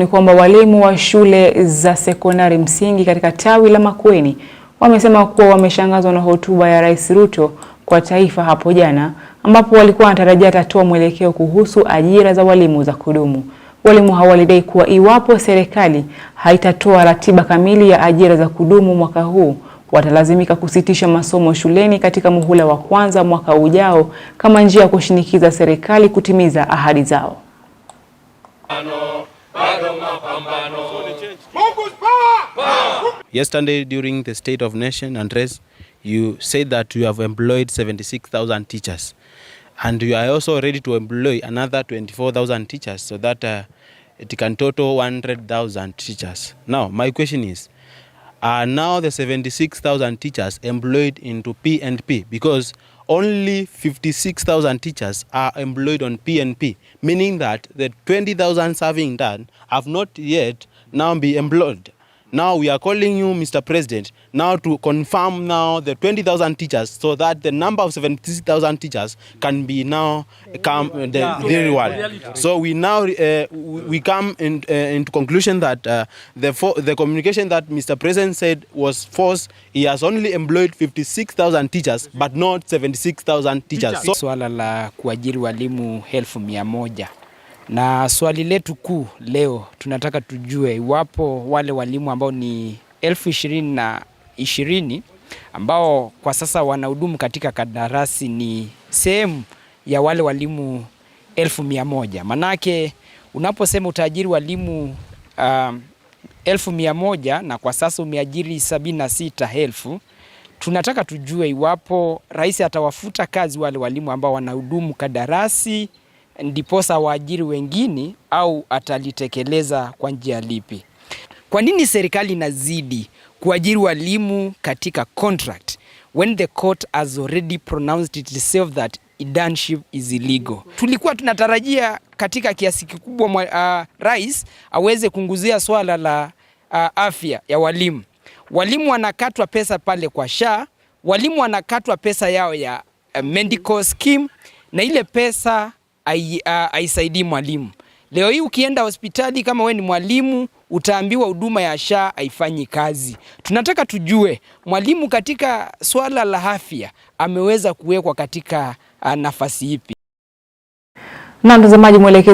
Ni kwamba walimu wa shule za sekondari msingi katika tawi la Makueni wamesema kuwa wameshangazwa na hotuba ya Rais Ruto kwa taifa hapo jana, ambapo walikuwa wanatarajia atatoa mwelekeo kuhusu ajira za walimu za kudumu. Walimu hao walidai kuwa iwapo serikali haitatoa ratiba kamili ya ajira za kudumu mwaka huu, watalazimika kusitisha masomo shuleni katika muhula wa kwanza mwaka ujao kama njia ya kushinikiza serikali kutimiza ahadi zao bado mapambano. Yesterday during the State of Nation address you said that you have employed 76,000 teachers and you are also ready to employ another 24,000 teachers so that uh, it can total 100,000 teachers. Now my question is are now the 76,000 teachers employed into PNP because only 56,000 teachers are employed on PNP, meaning that the 20,000 serving done have not yet now be employed. Now we are calling you, Mr. President, now to confirm now the 20,000 teachers so that the number of 70,000 teachers can be now come uh, the, yeah. the reward. So we now uh, we come in, uh, into conclusion that uh, the fo- the communication that Mr. President said was false. He has only employed 56,000 teachers but not 76,000 teachers. So, swala la kuajiri walimu elfu na swali letu kuu leo tunataka tujue iwapo wale walimu ambao ni elfu ishirini na ishirini ambao kwa sasa wanahudumu katika kandarasi ni sehemu ya wale walimu elfu mia moja. Manake unaposema utaajiri walimu uh, elfu mia moja na kwa sasa umeajiri sabini na sita elfu tunataka tujue iwapo rais atawafuta kazi wale walimu ambao wanahudumu kandarasi ndiposa waajiri wengine au atalitekeleza kwa njia lipi? Kwa nini serikali inazidi kuajiri walimu katika contract when the court has already pronounced itself that internship is illegal. Tulikuwa tunatarajia katika kiasi kikubwa uh, rais aweze kunguzia swala la uh, afya ya walimu. Walimu wanakatwa pesa pale kwa SHA, walimu wanakatwa pesa yao ya uh, medical scheme na ile pesa haisaidii mwalimu. Leo hii ukienda hospitali kama we ni mwalimu utaambiwa huduma ya SHA haifanyi kazi. Tunataka tujue mwalimu katika swala la afya ameweza kuwekwa katika nafasi ipi? Na mtazamaji mwelekeo